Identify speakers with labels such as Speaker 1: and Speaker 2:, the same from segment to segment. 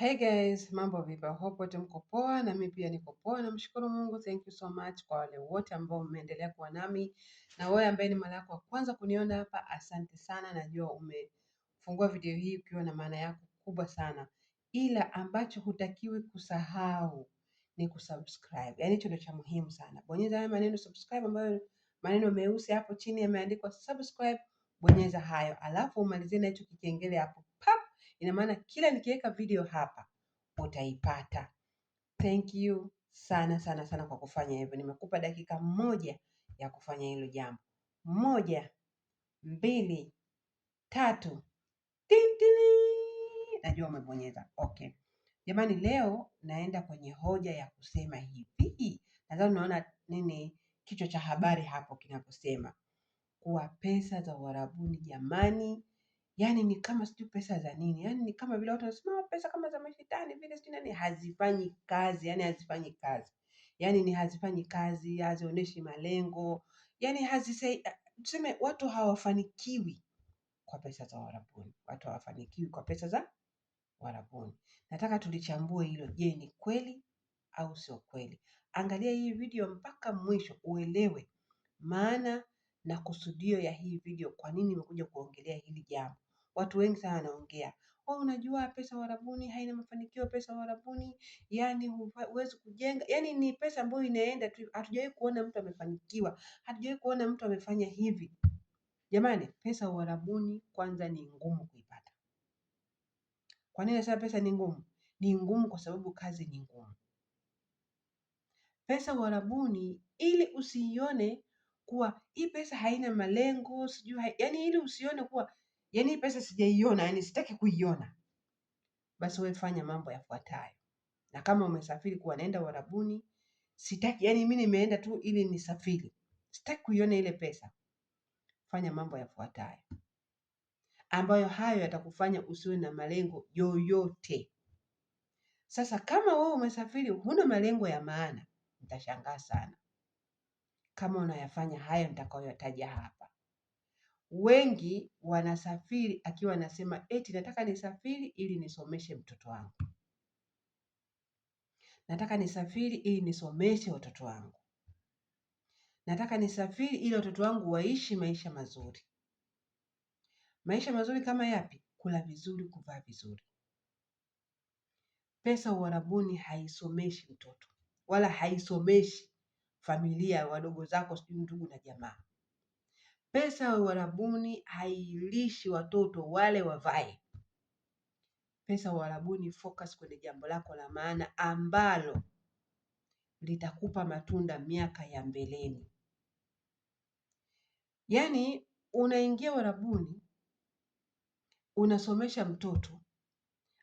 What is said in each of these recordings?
Speaker 1: Hey guys, mambo vipi? Hope wote mko poa na mimi pia niko poa na mshukuru Mungu. Thank you so much kwa wale wote ambao mmeendelea kuwa nami na wewe ambaye ni mara yako ya kwanza kuniona hapa, asante sana. Najua umefungua video hii ukiwa na maana yako kubwa sana, ila ambacho hutakiwi kusahau ni kusubscribe. Yaani hicho ndio cha muhimu sana. Bonyeza haya maneno subscribe, ambayo maneno meusi hapo chini yameandikwa subscribe, bonyeza hayo, alafu umalizie na hicho kikengele hapo Ina maana kila nikiweka video hapa utaipata. Thank you sana sana sana kwa kufanya hivyo. Nimekupa dakika moja ya kufanya hilo jambo. Moja, mbili, tatu. Tintili! Najua umebonyeza. Okay. Jamani, leo naenda kwenye hoja ya kusema hivi. Nadhani unaona nini kichwa cha habari hapo kinaposema kuwa pesa za Uarabuni jamani yani ni kama siju pesa za nini, yani ni kama vile watu wanasema ah, pesa kama za mashetani vile sijui nani, hazifanyi kazi, yani hazifanyi kazi, yani ni hazifanyi kazi, hazionyeshi malengo, yani hazisai, ah, tuseme watu hawafanikiwi kwa pesa za warabuni watu hawafanikiwi kwa pesa za warabuni Nataka tulichambue hilo, je, ni kweli au sio kweli? Angalia hii video mpaka mwisho uelewe maana na kusudio ya hii video, kwa nini nimekuja kuongelea hili jambo watu wengi sana wanaongea oh, unajua pesa warabuni haina mafanikio, pesa warabuni yani huwezi kujenga. Yani ni pesa ambayo inaenda tu, hatujawahi kuona mtu amefanikiwa, hatujawahi kuona mtu amefanya hivi. Jamani, pesa warabuni kwanza ni ngumu kuipata. Kwa nini nasema pesa ni ngumu? Ni ngumu kwa sababu kazi ni ngumu. Pesa warabuni, ili usiione kuwa hii pesa haina malengo sijui, yani ili usione kuwa yani pesa sijaiona, yaani sitaki kuiona, basi wewe fanya mambo yafuatayo. Na kama umesafiri kuwa naenda Uarabuni, sitaki yaani mimi nimeenda tu ili nisafiri, sitaki kuiona ile pesa, fanya mambo yafuatayo ambayo hayo yatakufanya usiwe na malengo yoyote. Sasa kama wewe umesafiri huna malengo ya maana, nitashangaa sana kama unayafanya hayo nitakayoyataja hapa. Wengi wanasafiri akiwa anasema eti nataka nisafiri ili nisomeshe mtoto wangu, nataka nisafiri ili nisomeshe watoto wangu, nataka nisafiri ili watoto wangu waishi maisha mazuri. Maisha mazuri kama yapi? Kula vizuri, kuvaa vizuri. Pesa uarabuni haisomeshi mtoto wala haisomeshi familia, wadogo zako, sijui ndugu na jamaa. Pesa ya Uarabuni hailishi watoto wale wavae. Pesa ya Uarabuni, focus kwenye jambo lako la maana ambalo litakupa matunda miaka ya mbeleni. Yaani unaingia warabuni unasomesha mtoto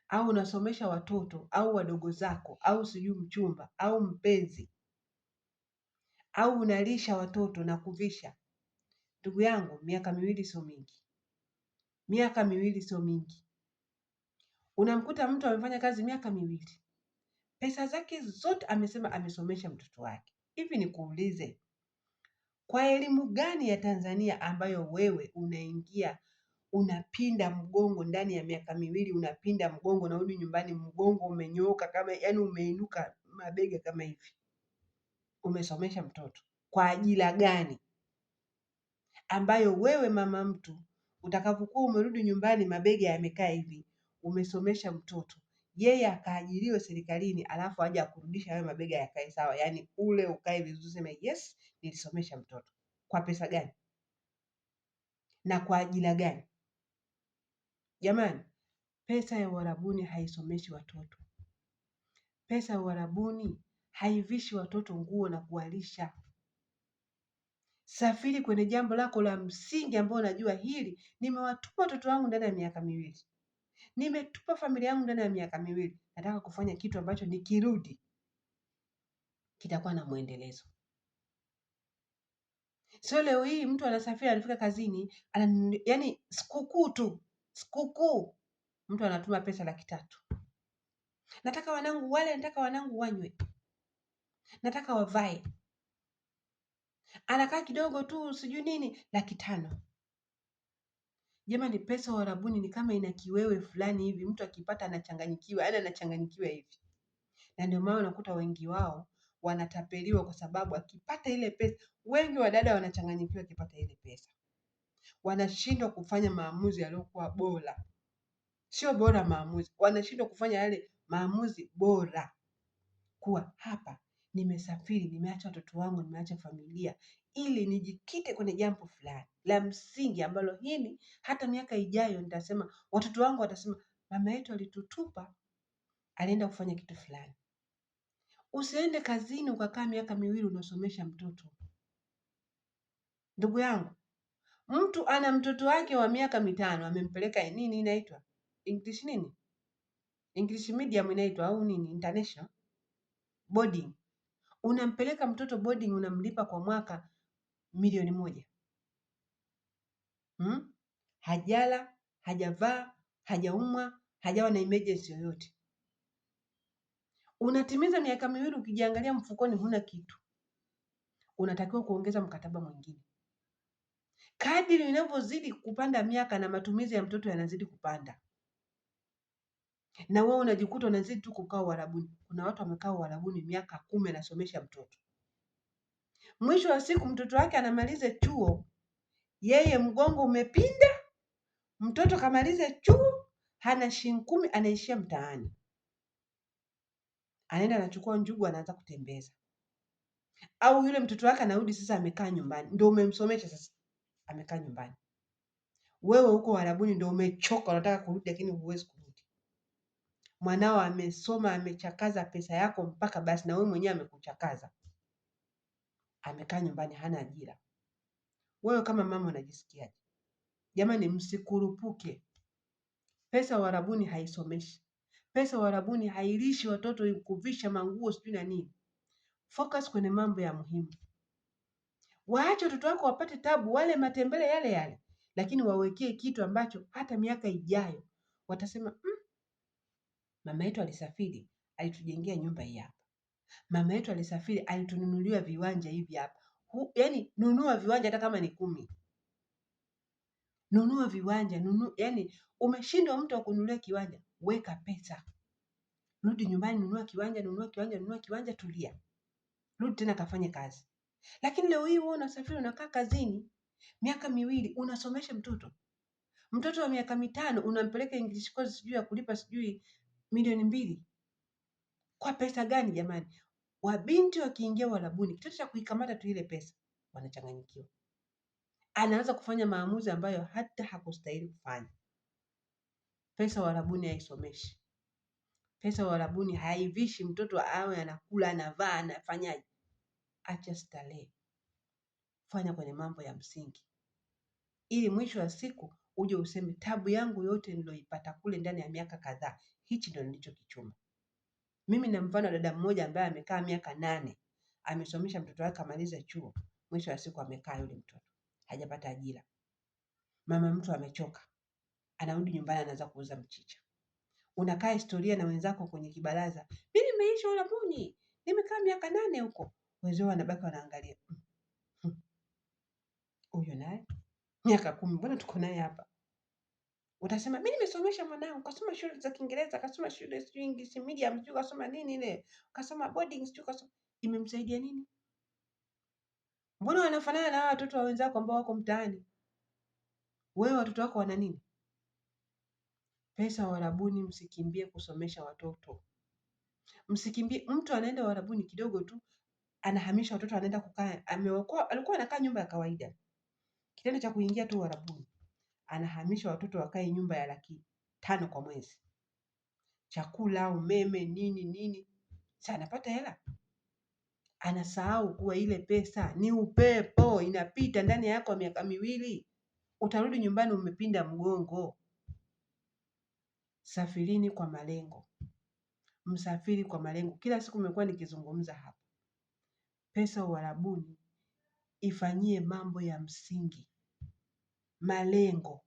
Speaker 1: au unasomesha watoto au wadogo zako au sijui mchumba au mpenzi au unalisha watoto na kuvisha Ndugu yangu, miaka miwili sio mingi, miaka miwili sio mingi. Unamkuta mtu amefanya kazi miaka miwili, pesa zake zote amesema amesomesha mtoto wake. Hivi nikuulize, kwa elimu gani ya Tanzania ambayo wewe unaingia unapinda mgongo ndani ya miaka miwili, unapinda mgongo, unarudi nyumbani mgongo umenyooka kama yani umeinuka mabega kama hivi? Umesomesha mtoto kwa ajili gani? ambayo wewe mama mtu utakapokuwa umerudi nyumbani, mabega yamekaa hivi, umesomesha mtoto yeye akaajiriwe serikalini, alafu aje akurudisha hayo mabega yakae sawa, yaani ule ukae vizuri, sema yes, nilisomesha mtoto. Kwa pesa gani na kwa ajira gani? Jamani, pesa ya uharabuni haisomeshi watoto. Pesa ya uharabuni haivishi watoto nguo na kuwalisha safiri kwenye jambo lako la msingi ambao unajua hili, nimewatupa watoto wangu ndani ya miaka miwili, nimetupa familia yangu ndani ya miaka miwili, nataka kufanya kitu ambacho nikirudi kitakuwa na mwendelezo. Sio leo hii mtu anasafiri, anafika kazini, ana, yani sikukuu tu, sikukuu mtu anatuma pesa laki tatu, nataka wanangu wale, nataka wanangu wanywe, nataka wavae anakaa kidogo tu sijui nini, laki tano. Jamani, pesa warabuni ni kama ina kiwewe fulani hivi, mtu akipata anachanganyikiwa, yaani anachanganyikiwa hivi, na ndio maana unakuta wengi wao wanatapeliwa kwa sababu akipata ile pesa, wengi wa dada wanachanganyikiwa akipata ile pesa, wanashindwa kufanya maamuzi yaliyokuwa bora, sio bora maamuzi, wanashindwa kufanya yale maamuzi bora, kuwa hapa nimesafiri, nimeacha watoto wangu, nimeacha familia, ili nijikite kwenye jambo fulani la msingi ambalo hili hata miaka ijayo nitasema, watoto wangu watasema, mama yetu alitutupa, alienda kufanya kitu fulani. Usiende kazini ukakaa miaka miwili unasomesha mtoto. Ndugu yangu, mtu ana mtoto wake wa miaka mitano amempeleka nini, inaitwa English nini, English medium inaitwa au nini, international boarding unampeleka mtoto boarding unamlipa kwa mwaka milioni moja hmm? Hajala, hajavaa, hajaumwa, hajawa na emergency yoyote. Unatimiza miaka miwili, ukijiangalia mfukoni huna kitu, unatakiwa kuongeza mkataba mwingine. Kadiri inavyozidi kupanda miaka na matumizi ya mtoto yanazidi kupanda, na wewe unajikuta unazidi tu kukaa uharabuni. Kuna watu wamekaa uharabuni miaka kumi anasomesha mtoto, mwisho wa siku mtoto wake anamaliza chuo, yeye mgongo umepinda, mtoto kamaliza chuo, hana shilingi kumi, anaishia mtaani, anaenda anachukua njugu, anaanza kutembeza. Au yule mtoto wake anarudi sasa, amekaa nyumbani, ndio umemsomesha sasa, amekaa nyumbani. Wewe huko uharabuni, ndio umechoka, unataka kurudi, lakini huwezi mwanao amesoma amechakaza pesa yako mpaka basi na wewe mwenyewe amekuchakaza, amekaa nyumbani hana ajira, wewe kama mama unajisikiaje? Jamani, msikurupuke. Pesa warabuni haisomeshi, pesa warabuni hailishi watoto, kuvisha manguo sijui na nini. Focus kwenye mambo ya muhimu, waache watoto wako wapate tabu, wale matembele yale yale, lakini wawekee kitu ambacho hata miaka ijayo watasema mm, Mama yetu alisafiri, alitujengea nyumba hii hapa. Mama yetu alisafiri, alitununulia viwanja hivi hapa. Yaani nunua viwanja hata kama ni kumi, nunua viwanja nunu, yaani umeshindwa mtu akununulia kiwanja, weka pesa, rudi nyumbani, nunua kiwanja, nunua kiwanja, nunua kiwanja, tulia, rudi tena kafanye kazi. Lakini leo hii wewe unasafiri, unakaa kazini miaka miwili, unasomesha mtoto mtoto wa miaka mitano unampeleka English course sijui ya kulipa sijui milioni mbili kwa pesa gani jamani? Wabinti wakiingia walabuni, kitendo cha kuikamata tu ile pesa, wanachanganyikiwa, anaanza kufanya maamuzi ambayo hata hakustahili kufanya. Pesa uarabuni haisomeshi, pesa uarabuni haivishi mtoto awe anakula, anavaa, anafanyaje. Acha starehe, fanya kwenye mambo ya msingi, ili mwisho wa siku uje useme tabu yangu yote niloipata kule ndani ya miaka kadhaa hichi ndio kichuma. Mimi na mfano dada mmoja ambaye amekaa miaka nane amesomesha mtoto wake amaliza chuo, mwisho wa siku amekaa yule mtoto hajapata ajira. Mama mtu amechoka, anarudi nyumbani, anaanza kuuza mchicha. Unakaa historia na wenzako kwenye kibaraza, mi nimeisha ulabuni, nimekaa miaka nane huko. Wenzao wanabaki wanaangalia, hmm. Hmm. huyo naye miaka kumi, mbona tuko naye hapa? Utasema mimi nimesomesha mwanangu kasoma shule za Kiingereza, kasoma shule sijui English medium, sijui kasoma nini ile, kasoma boarding, sijui kasoma, imemsaidia nini? Mbona wanafanana na watoto wa wenzako ambao wako mtaani? Wewe watoto wako wana nini? Pesa warabuni, msikimbie kusomesha watoto, msikimbie. Mtu anaenda warabuni kidogo tu anahamisha watoto, anaenda kukaa, amewakoa, Alikuwa anakaa nyumba ya kawaida, kitendo cha kuingia tu warabuni anahamisha watoto wakae nyumba ya laki tano kwa mwezi, chakula, umeme, nini nini, si anapata hela? Anasahau kuwa ile pesa ni upepo, inapita ndani yako miaka miwili, utarudi nyumbani umepinda mgongo. Safirini kwa malengo, msafiri kwa malengo. Kila siku nimekuwa nikizungumza hapa, pesa uharabuni, ifanyie mambo ya msingi malengo.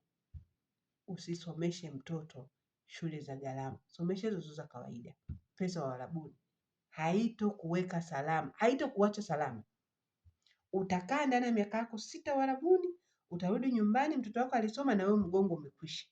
Speaker 1: Usisomeshe mtoto shule za gharama, somesha hizo za kawaida. Pesa haito kuweka salama, haito kuacha salama. Utakaa ndani ya miaka yako sita warabuni utarudi nyumbani, mtoto wako alisoma na wewe mgongo umekwisha.